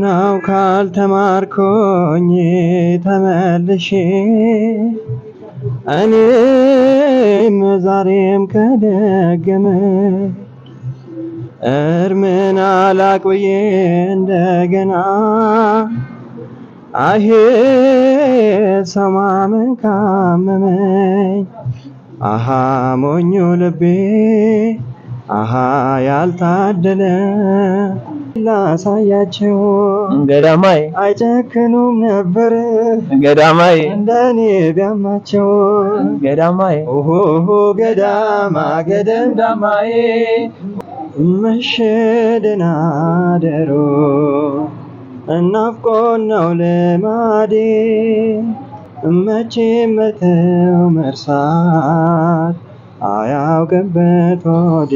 ከቀናው ካልተማርኮኝ ተመልሼ እኔም ዛሬም ከደገመ እርምን አላቅ ብዬ እንደገና አሄ ሰማምን ካመመኝ አሃ ሞኞ ልቤ አሃ ያልታደለ ላሳያቸው ገዳማይ አይጨክኑም ነበር ገዳማይ እንደኔ ቢያማቸው ገዳማይ ኦሆሆ ገዳማ ገደም ዳማዬ መሸደና ደሮ እናፍቆን ነው ልማዴ መቼ መተው መርሳት አያውቅበት ሆዴ።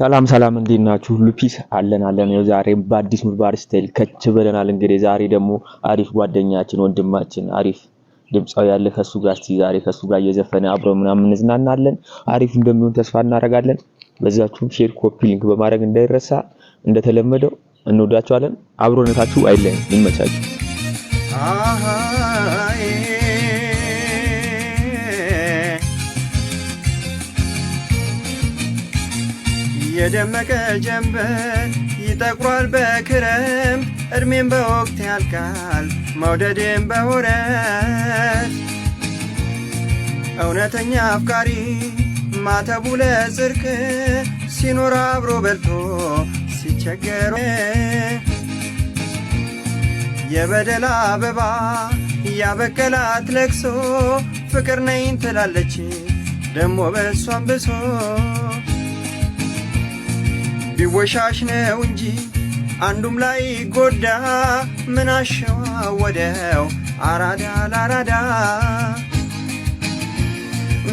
ሰላም ሰላም፣ እንዴት ናችሁ? ሁሉ ፒስ አለን አለን። ያው ዛሬ በአዲስ ምግባር ስታይል ከች ብለናል። እንግዲህ ዛሬ ደግሞ አሪፍ ጓደኛችን ወንድማችን አሪፍ ድምፃዊ ያለ ከሱ ጋር እስቲ ዛሬ ከሱ ጋር እየዘፈነ አብሮ ምናምን እንዝናናለን። አሪፍ እንደሚሆን ተስፋ እናደርጋለን። በዛችሁም ሼር፣ ኮፒ ሊንክ በማድረግ እንዳይረሳ። እንደተለመደው እንወዳችኋለን። አብሮነታችሁ አይለይም። ይመቻችሁ። የደመቀ ጀንበር ይጠቁራል በክረምት እድሜም በወቅት ያልቃል መውደድም በወረት እውነተኛ አፍቃሪ ማተቡ ለጽርቅ ሲኖር አብሮ በልቶ ሲቸገሮ የበደላ አበባ ያበቀላት ለቅሶ ፍቅር ነኝ ትላለች ደሞ በሷን ብሶ ቢወሻሽ ነው እንጂ አንዱም ላይ ጎዳ ምን አሸዋወደው አራዳ ላራዳ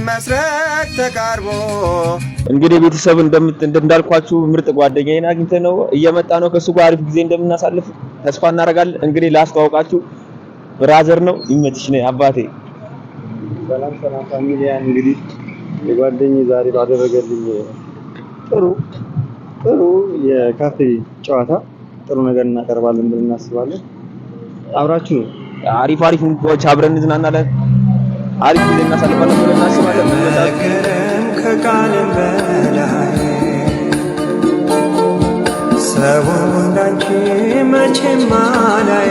መስረቅ ተቃርቦ እንግዲህ ቤተሰብ እንዳልኳችሁ ምርጥ ጓደኛዬን አግኝተ ነው እየመጣ ነው። ከእሱ ጋር አሪፍ ጊዜ እንደምናሳልፍ ተስፋ እናደርጋለን። እንግዲህ ላስተዋውቃችሁ ብራዘር ነው። ይመችሽ ነው አባቴ። ሰላም ሰላም ፋሚሊያን እንግዲህ የጓደኝ ዛሬ ባደረገልኝ ጥሩ ጥሩ የካፌ ጨዋታ ጥሩ ነገር እናቀርባለን ብለን እናስባለን። አብራችሁ አሪፍ አሪፍ ሙዚቃዎች አብረን እንዝናናለን። አሪፍ ጊዜ እናሳልፋለን ብለን እናስባለን። ከቃልም በላይ ሰው እንዳንቺ መቼም አላይ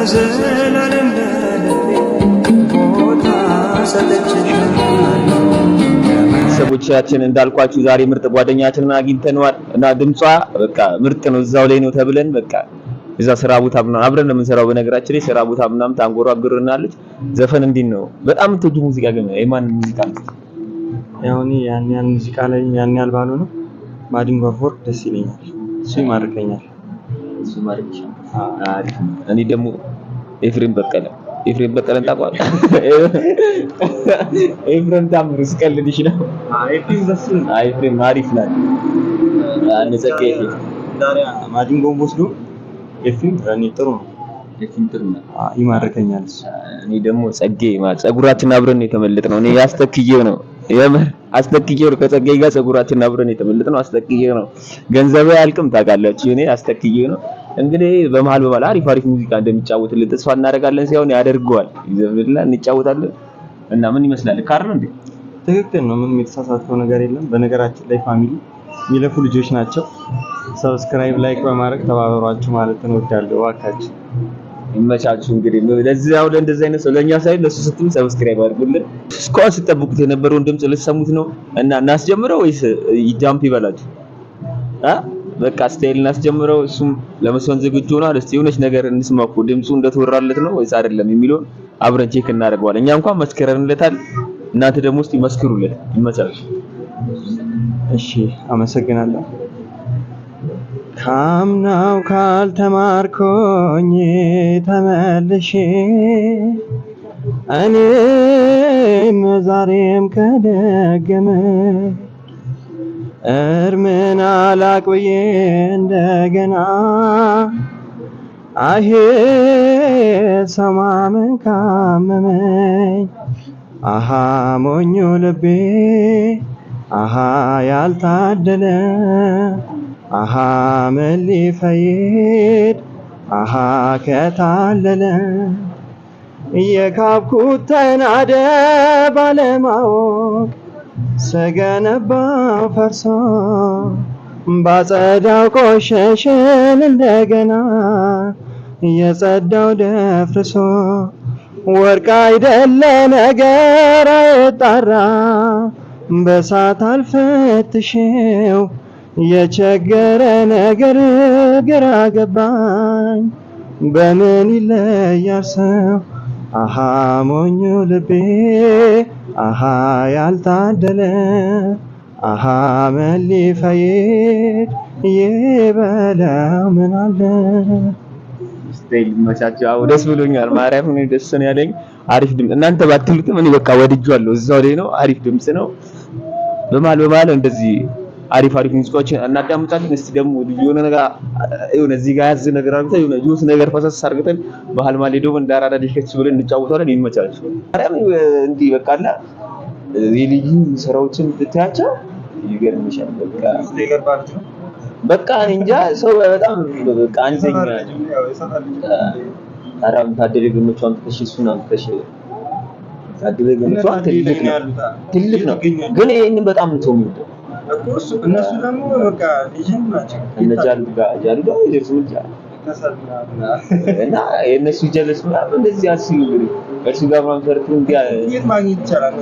ለዘላለም ቤተሰቦቻችን እንዳልኳችሁ ዛሬ ምርጥ ጓደኛችንን አግኝተነዋል እና ድምጿ በቃ ምርጥ ነው። እዛው ላይ ነው ተብለን በቃ እዛ ስራ ቦታ ምናምን አብረን ነው የምንሰራው። በነገራችን ላይ ስራ ቦታ ምናምን ታንጎራጉርናለች። ዘፈን እንዲህ ነው። በጣም የምትወጂው ሙዚቃ ግን የማን ሙዚቃ ነው? ያው ያን ያን ሙዚቃ ላይ ያን ያህል ባልሆንም ማዲንጎ አፈወርቅ ደስ ይለኛል። እሱ ይማርከኛል። እሱ ማርከኛል እኔ ደግሞ ኤፍሬም በቀለ ኤፍሬም በቀለን ታውቀዋለህ? ኤፍሬም ታምሩ ስቀልድሽ ነው። ኤፍሬም አሪፍ ናት። አንዘቀ ማዲንጎን ወስዶ ኤፍሬም እኔ ጥሩ ነው። ጥሩ ነው፣ ይማርከኛል። እኔ ደግሞ ጸጌ ጸጉራችን አብረን የተመለጥነው እኔ አስተክዬው ነው የምር አስተክዬው ነው። ከጸጌ ጋር ጸጉራችን አብረን የተመለጥነው አስተክዬው ነው። ገንዘብ አያልቅም ታውቃላችሁ። እኔ አስተክዬው ነው እንግዲህ በመሀል በመሀል አሪፍ አሪፍ ሙዚቃ እንደሚጫወትልን ተስፋ እናደርጋለን። ሲሆን ያደርገዋል ይዘብልና እንጫወታለን እና ምን ይመስላል? ካርል እንዴ ትክክል ነው። ምንም የተሳሳተው ነገር የለም። በነገራችን ላይ ፋሚሊ የሚለፉ ልጆች ናቸው። ሰብስክራይብ፣ ላይክ በማድረግ ተባበሯችሁ ማለት እንወዳለን። እባካችሁ ይመቻችሁ። እንግዲህ ለዚህ አሁን እንደዚህ አይነት ሰው ለእኛ ሳይሆን ለእሱ ስትል ሰብስክራይብ አድርጉልን። እስካሁን ስጠብቁት የነበረውን ድምፅ ልትሰሙት ነው እና እናስጀምረው ወይስ ጃምፕ ይበላችሁ እ በቃ ስታይል እናስጀምረው። እሱም ለመስፈን ዝግጁ ሆኗል። እስቲ የሆነች ነገር እንስማኩ፣ ድምፁ እንደተወራለት ነው ወይስ አይደለም የሚለውን አብረን ቼክ እናደርገዋለን። እኛ እንኳን መስከረንለታል፣ እናንተ ደግሞ እስቲ መስክሩለት። ይመጣል። እሺ፣ አመሰግናለሁ። ካምናው ካልተማርኮኝ ተመልሼ እኔም ዛሬም ከደገመ እርምን አላቆየ እንደገና አሄ ሰማምን ካመመኝ አሃ ሞኞ ልቤ አሃ ያልታደለ አሃ ምን ሊፈይድ አሃ ከታለለ እየካብኩት ተናደ ባለማወቅ ስገነባ ፈርሶ ባጸዳው ቆሸሽን እንደገና የጸዳው ደፍርሶ ወርቅ አይደለ ነገር አይጣራ በሳት አልፈትሽው የቸገረ ነገር ግራ ገባኝ። በምን ይለያል ሰው አሃ ሞኙ ልቤ አሃ ያልታደለ አሃ መሊፈይድ ይበለው ምናለ ይመቻቸው። አዎ ደስ ብሎኛል። ማርያም ነው ደስ ነው ያለኝ። አሪፍ ድምፅ እናንተ ባትሉትም እኔ በቃ ወድጄዋለሁ። እዛው ላይ ነው። አሪፍ ድምፅ ነው። በማል በማል እንደዚህ አሪፍ አሪፍ ሙዚቃዎችን እናዳምጣለን። እስቲ ደግሞ የሆነ ነገር የሆነ እዚህ ጋር ያዝ ነገር አድርገን የሆነ ጁስ ነገር ፈሰስ አድርገን ባህል ማሌዶ እንደ አራዳ ዲሽከስ ብለን እንጫወታለን። ይመቻችሁ። አረም እንዲህ በቃና የልዩ ስራዎችን ብታያቸው ይገርምሻል። በቃ በቃ እንጃ ሰው በጣም በቃ አንዘኛ አራም ታደለ ግምቹ አንተሽ እሱን አንተሽ ታደለ ግምቹ ትልቅ ነው ግን ይሄንን በጣም ነው የምወደው እነሱ ደግሞ በቃ ልጅም ናቸው እነ ጃልጋ እና የእነሱ ጀለስ ምናምን እንደዚህ አስቡ እንግዲህ እርሱ ጋር ማንፈርት እንዲ ማግኘት ይቻላል።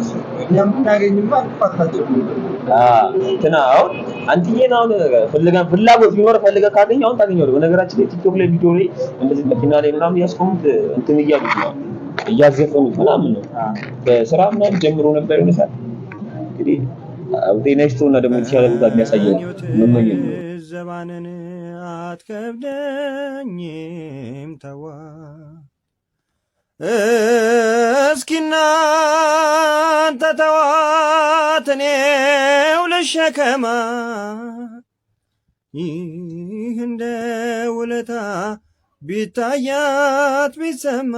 እንትና አሁን አንትዬን አሁን ፈልገን ፍላጎት ቢኖር ፈልገ ካገኘህ አሁን ታገኘዋለህ። በነገራችን ላይ ቲክቶክ ላይ ቪዲዮ ላይ እንደዚህ መኪና ላይ ምናምን እያስቆሙት እንትን እያሉ እያዘፈኑት ምናምን ነው። በስራ ምናምን ጀምሮ ነበር ይመስላል እንግዲህ ጤናሽቶና ደግሞ የተሻለ ቦታ የሚያሳየው መመኘ ዘባንን አትከብደኝም ተዋ እስኪና አንተ ተዋት እኔው ልሸከማ ይህ እንደ ውለታ ቢታያት ቢሰማ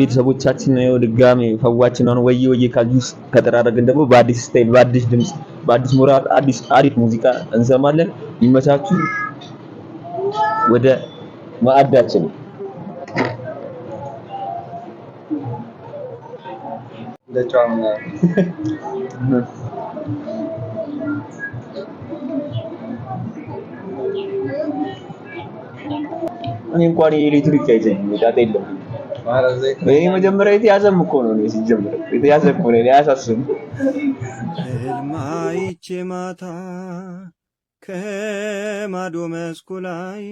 ቤተሰቦቻችን ነው ድጋሚ ፈዋችን ነው። ወይ ወይ ካልጁስ ከተራረግን ደግሞ በአዲስ ስታይል፣ በአዲስ ድምጽ በአዲስ ሞራል አዲስ አሪፍ ሙዚቃ እንሰማለን። ይመቻችሁ። ወደ ማዕዳችን ደጫም እኔ እንኳን የኤሌክትሪክ አይዘኝም ዳታ የለም። ይሄ መጀመሪያ የተያዘም እኮ ነው ነው ሲጀምር የተያዘ እኮ ነው። ያሳስብ ህልማይቼ ማታ ከማዶ መስኩ ላይ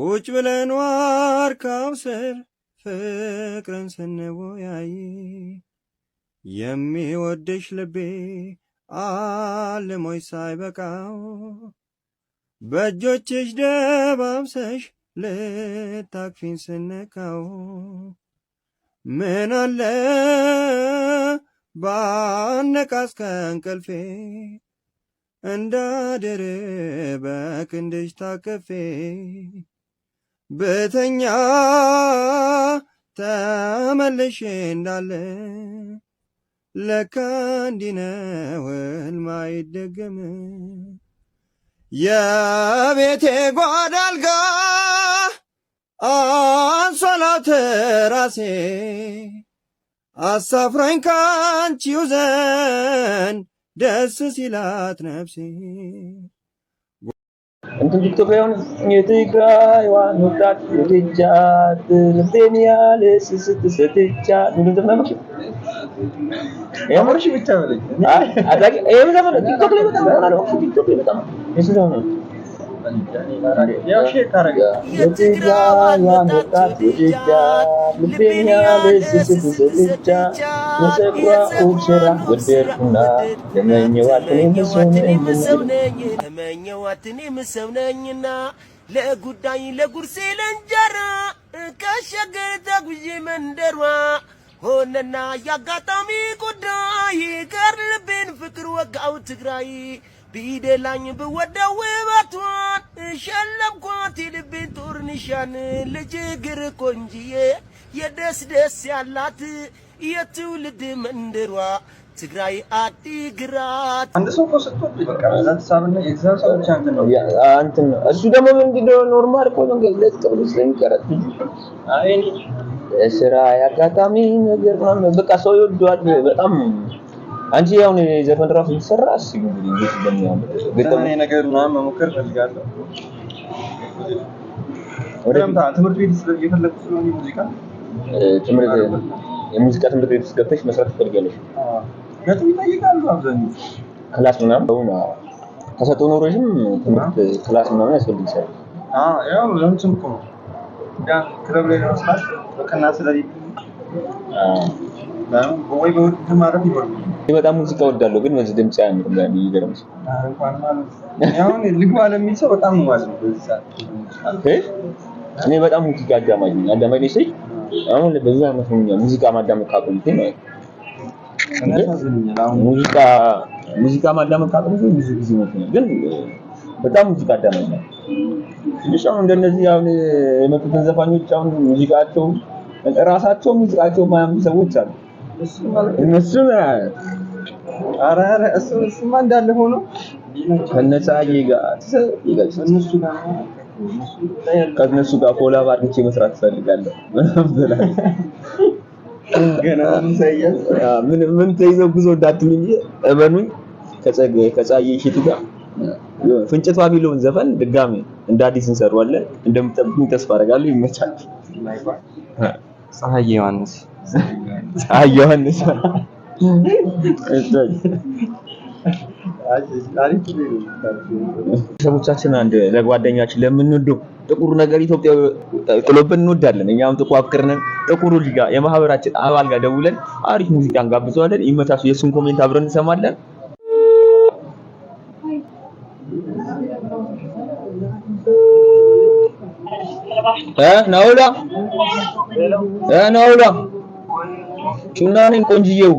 ቁጭ ብለን ዋርካው ስር ፍቅርን ስንወያይ የሚወደሽ ልቤ አልሞች ሳይበቃው በእጆችሽ ደባብሰሽ ልታቅፊን ስነካው ምን አለ ባነቃስ ከእንቅልፌ እንዳድር በክንድሽ ታቅፌ ብተኛ ተመልሼ እንዳለ ለካ እንዲህ ነው ህልም አይደገምም። የቤቴ ጓዳ አልጋ አንሶላ ትራሴ አሳፍራኝ ካንቺው ዘን ደስ ሲላት ነፍሴ እንትን ኢትዮጵያውን የትግራይዋን ወጣት ወድጃት ልቤን ያለ ስስት ሰትቻ የምርሽ ብቻ በለኝ። አዳቂ ይሄም ዘመን ቲክቶክ ላይ በጣም ሆነ ነው። ቲክቶክ ላይ በጣም ዘመን ነው። ያው ሼር ነኝና ለጉዳይ ለጉርሴ ለእንጀራ ከሸገር ተጉዤ መንደሯ ሆነና ያጋጣሚ ጉዳይ ቀር ልቤን ፍቅር ወጋው ትግራይ ቢደላኝ ብወደው ውበቷን ሸለምኳት የልቤን ጦር ንሻን ልጅ ግር ቆንጅዬ የደስ ደስ ያላት የትውልድ መንደሯ ትግራይ አዲግራት። አንድ ሰው እኮ በቃ ሳብና የእግዚአብሔር ሰው ብቻ እንትን ነው እንትን ነው እሱ ደግሞ ምንድነው ኖርማል እኮ ነው ለጥ ብሎ ስለሚቀረጥ ስራ ያጋጣሚ ነገር ምናምን በቃ ሰው ይወደዋል በጣም አንቺ ያው ነው ዘፈን ራሱ ይሰራ ነገር ፈልጋለሁ። ትምህርት ቤት የፈለኩት ስለሆነ ሙዚቃ የሙዚቃ ትምህርት ቤት ገብተሽ መስራት ትፈልጊያለሽ? ገጥም ይጠይቃሉ አብዛኛው ክላስ ምናምን በሁን ኖሮሽም ትምህርት ክላስ ምናምን ያስፈልግሻል። አዎ ያው ለምን ነው ያ ክለብ ላይ ነው በጣም ሙዚቃ ወዳለሁ ግን በዚህ ድምጽ አያምርም። ላይ ይገርምሽ አሁን ልግባ ለሚል ሰው በጣም ነው ማለት ነው። እኔ በጣም ሙዚቃ አዳማኝ ነኝ። አዳማጅ ነኝ ስል አሁን በዛ ዓመት ሙዚቃ ማዳመጥ ካቆምኩ ነው ሙዚቃ ሙዚቃ ማዳመጥ ካቆምኩ ብዙ ጊዜ ነው። ግን በጣም ሙዚቃ አዳማኝ ነኝ። ትንሽ አሁን እንደነዚህ አሁን የመጡትን ዘፋኞች አሁን ሙዚቃቸው ራሳቸው ሙዚቃቸው ማያምኑ ሰዎች አሉ። እነሱም ኧረ ኧረ እሱማ እንዳለ ሆኖ ከነ ፀሐዬ ጋር እነሱ ጋር ከእነሱ ጋር ኮላብ አድርጌ መስራት እፈልጋለሁ ምናምን ምን ተይዘው ጉዞ እንዳትሉኝ እመኑኝ ከፀሐዬ ሽቱ ጋር ፍንጭት ባቢሎን ዘፈን ድጋሚ እንደ አዲስ እንሰራዋለን። እንደምትጠብቁኝ ተስፋ አደርጋለሁ። ይመቻል። ፀሐይ ዮሐንስ ፀሐይ ዮሐንስ ቤተሰቦቻችን አንድ ለጓደኛችን ለምንወደው ጥቁሩ ነገር ኢትዮጵያ ጥሎብን እንወዳለን። እኛም ጥቁር አፍቅርነን ጥቁሩ ልጅ ጋር የማህበራችን አባል ጋር ደውለን አሪፍ ሙዚቃ እንጋብዘዋለን። ይመታሱ። የእሱን ኮሜንት አብረን እንሰማለን። ናውላ ነውላ ቹና ነኝ ቆንጅዬው።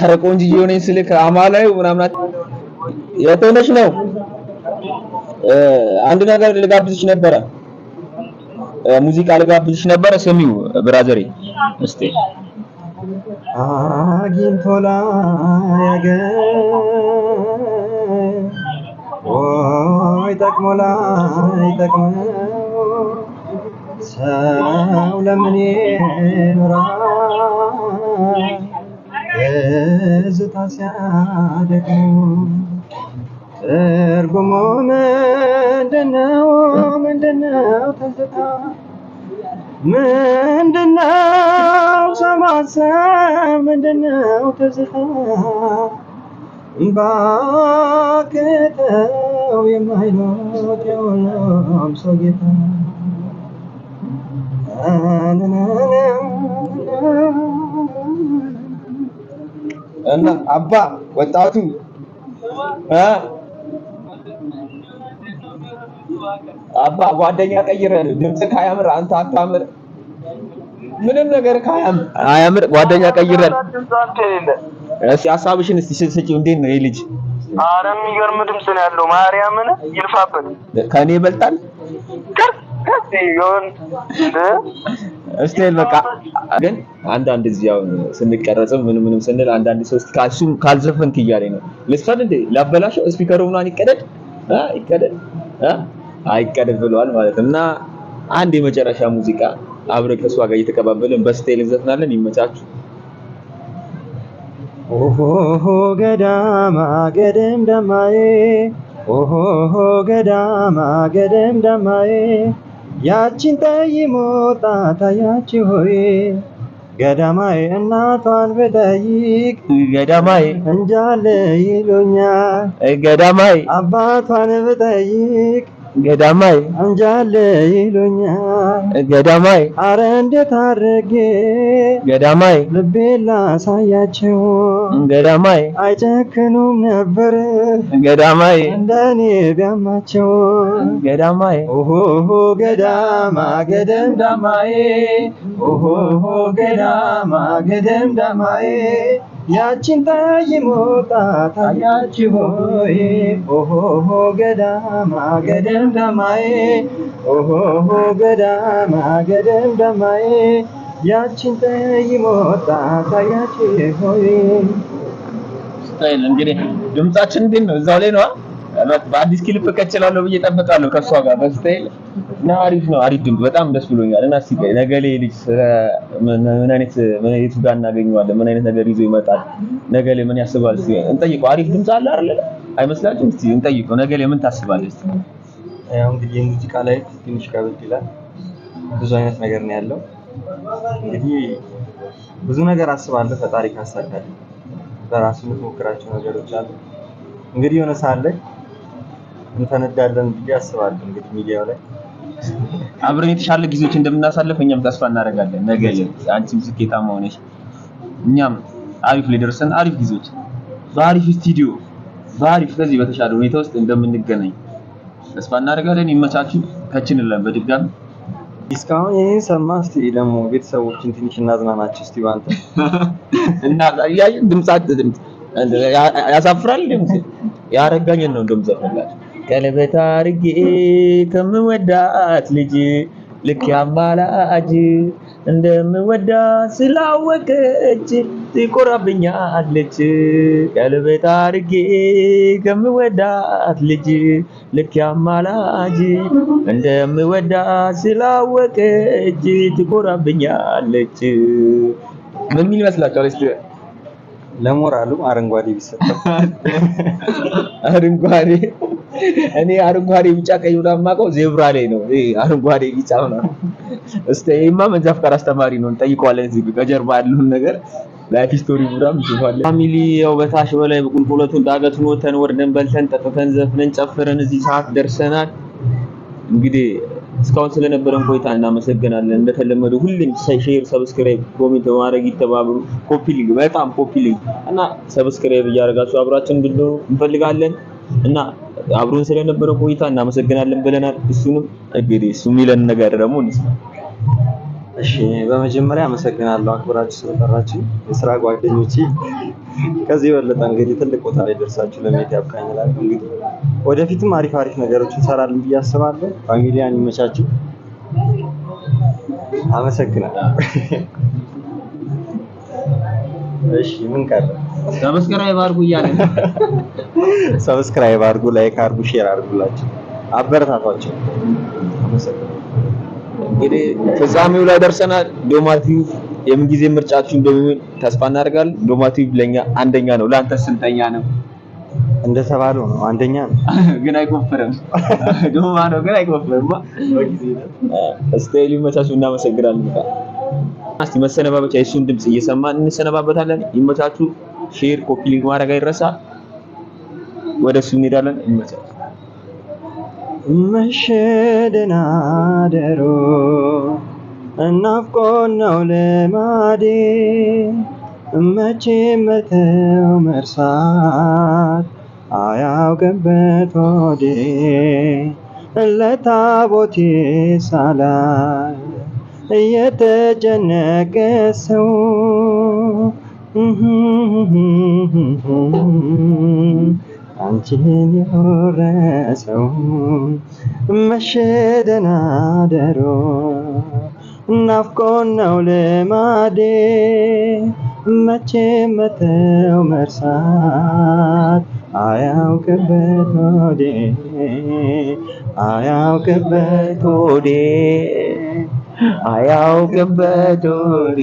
ኧረ ቆንጅዬው ነኝ ስልክ አማላዩ የት ሆነሽ ነው? አንድ ነገር ልጋብዝሽ ነበረ፣ ሙዚቃ ልጋብዝሽ ነበረ። ስሚው ብራዘሬ እስቲ አግኝቶላ ያገ ይጠቅሞላ ይጠቅመ ሰው ለምን ይኖራል? ዝታ ሲያደግሞ እርጉሞ ምንድነው? ምንድነው ትዝታ ምንድነው ሰማሰብ ምንድነው ትዝታ ባክተ ሰው የማይኖት የሆነም ሰው ጌታ እና አባ ወጣቱ አባ ጓደኛ ቀይረን ድምጽ ካያምር አንተ አታምር፣ ምንም ነገር ካያምር አያምር። ጓደኛ ቀይረን እስኪ ሀሳብሽን እስቲ ስጪው። እንዴት ነው ይህ ልጅ? አረ የሚገርም ድምፅ ነው ያለው። ማርያምን ይልፋበት። ከኔ ይበልጣል። እስቴል በቃ ግን አንዳንድ እዚህ ያው ስንቀረጽም ምንም ምንም ስንል አንዳንድ ሰው እስቲ እሱም ካልዘፈንክ እያለኝ ነው። ልስፈን እንዴ ላበላሸው። ስፒከሩ ምናምን ይቀደድ ይቀደድ አይቀደድ ብለዋል ማለት እና አንድ የመጨረሻ ሙዚቃ አብረን ከእሷ ጋር እየተቀባበልን በስታይል እንዘፍናለን። ይመቻችሁ። ኦሆሆ ገዳማ ገደም ደማዬ ኦሆሆ ገዳማ ገደም ደማዬ ያቺን ጠይሞ ጣታ ያቺ ሆይ ገዳማዬ እናቷን ብጠይቅ ገዳማዬ እንጃለ ይሉኛል ገዳማዬ አባቷን ብጠይቅ ገዳማይ አንጃለ ይሉኛል ገዳማይ አረ እንዴት አድርጌ ገዳማይ ልቤላ ላሳያቸው ገዳማይ አይጨክኑም ነበር ገዳማይ እንደኔ ቢያማቸው ገዳማይ ኦሆሆ ገዳማ ገደም ዳማዬ ኦሆሆ ገዳማ ገደም ዳማዬ ያችን ጣይሞታ ታያችሁ ሆይ ኦሆሆ ገዳማ ገደም ዳማዬ ኦሆሆ ገዳማ ገደም ዳማዬ ያችን ጣይሞታ ታያችሁ ሆይ ስታይል እንግዲህ ድምጻችን እንዴት ነው? እዛው ላይ ነው። በአዲስ ክሊፕ እቀጭላለሁ ብዬ ጠብቃለሁ ከእሷ ጋር በስታይል እና አሪፍ ነው። አሪፍ ድምፅ በጣም ደስ ብሎኛል። እና እስኪ ነገ ላይ ልጅ ምን አይነት ምን አይነት ጋር እናገኘዋለን? ምን አይነት ነገር ይዞ ይመጣል? ነገ ላይ ምን ያስባል? እስኪ እንጠይቀው። አሪፍ ድምፅ አለ አይደል? አይመስላችሁም? እስኪ እንጠይቀው። ነገ ላይ ምን ታስባለች? ያው እንግዲህ የሙዚቃ ላይ ትንሽ ከበድ ይላል። ብዙ አይነት ነገር ነው ያለው። እንግዲህ ብዙ ነገር አስባለሁ። ፈጣሪ ካሳካል በራሱ የምትሞክራቸው ነገሮች አሉ። እንግዲህ የሆነ ሰዓት ላይ እንፈነዳለን ብዬ አስባለሁ። እንግዲህ ሚዲያው ላይ አብረን የተሻለ ጊዜዎች እንደምናሳልፍ እኛም ተስፋ እናደርጋለን። ነገ አንቺም ስኬታማ ሆነሽ እኛም አሪፍ ላይ ደርሰን አሪፍ ጊዜዎች በአሪፍ ስቱዲዮ በአሪፍ ከዚህ በተሻለ ሁኔታ ውስጥ እንደምንገናኝ ተስፋ እናደርጋለን። ይመቻችሁ። ከችን ለን በድጋሚ እስካሁን ይህን ሰማ። እስቲ ደግሞ ቤተሰቦችን ትንሽ እናዝናናቸው እስቲ ባንተ እና እያየን ድምፅ ያሳፍራል። ድምፅ ያረጋኝን ነው እንደምዘፈላቸው ቀለበት አርጌ ከምወዳት ልጅ ልክ ያማላጅ እንደምወዳት ስላወቀች ትቆራብኛለች። ቀለበት አርጌ ከምወዳት ልጅ ልክ ያማላጅ እንደምወዳት ስላወቀች ትቆራብኛለች። ምን ይመስላችኋል? ለሞራሉም አረንጓዴ ቢሰጠው አረንጓዴ እኔ አረንጓዴ ቢጫ ቀይ ብላ የማውቀው ዜብራ ላይ ነው። አረንጓዴ ቢጫ ምናምን እስቲ ይሄማ መንጃ ፈቃድ አስተማሪ ነው እንጠይቀዋለን። እዚህ ከጀርባ ያለውን ነገር ላይፍ ስቶሪ ብራም ይዟል። ፋሚሊ ያው በታሽ በላይ ቁልቁለቱን ዳገቱን ወተን ወርደን በልተን ጠጥተን ዘፍነን ጨፍረን እዚህ ሰዓት ደርሰናል። እንግዲህ እስካሁን ስለነበረን ቆይታ እናመሰግናለን። እንደተለመደው ሁሌም ሼር፣ ሰብስክራይብ፣ ኮሜንት በማድረግ ይተባበሩ። ኮፒ ሊንክ በጣም ኮፒ ሊንክ እና ሰብስክራይብ እያደረጋችሁ አብራችን እንድትሆኑ እንፈልጋለን እና አብሮን ስለነበረ ቆይታ እናመሰግናለን ብለናል። እሱንም እንግዲህ እሱ የሚለን ነገር ደግሞ እንስማ። እሺ በመጀመሪያ አመሰግናለሁ አክብራችሁ ስለጠራችሁኝ። የስራ ጓደኞቼ ከዚህ የበለጠ እንግዲህ ትልቅ ቦታ ላይ ደርሳችሁ ለመሄድ ያብቃኝ እላለሁ። እንግዲህ ወደፊትም አሪፍ አሪፍ ነገሮች እንሰራለን ብዬ አስባለሁ። ፋሚሊያን ይመቻችሁ። አመሰግናለሁ። እሺ ምን ቀረ? ሰብስክራይብ አድርጉ እያለ ሰብስክራይብ አድርጉ፣ ላይክ አድርጉ፣ ሼር አድርጉላችሁ፣ አበረታቷቸው። እንግዲህ ፍጻሜው ላይ ደርሰናል። ዶማቲቭ የምንጊዜ ምርጫችሁ እንደሚሆን ተስፋ እናደርጋለን። ዶማቲቭ ለኛ አንደኛ ነው። ለአንተ ስንተኛ ነው? እንደተባለው ነው አንደኛ ነው፣ ግን አይቆፍርም። ዶማ ነው ግን አይቆፍርም። ስታይል ይመቻችሁ። እናመሰግናለን። እስቲ መሰነባበቻ የሱን ድምጽ እየሰማን እንሰነባበታለን። ይመቻችሁ። ሼር፣ ኮፒ ሊንክ ማድረግ አይረሳ። ወደ እሱ እንሄዳለን። ይመቻችሁ። መሸደና ደሮ እናፍቆን ነው ልማዴ መቼ መተው መርሳት አያውቅበት ወዴ ለታቦቴ ሳላይ እየተጨነቀ ሰው አንቺን የወረሰው መሸደናደሮ ናፍቆን ነው ልማዴ መቼ መተው መርሳት አያውቅበት ሆዴ አያውቅበት ሆዴ አያውቅበት ሆዴ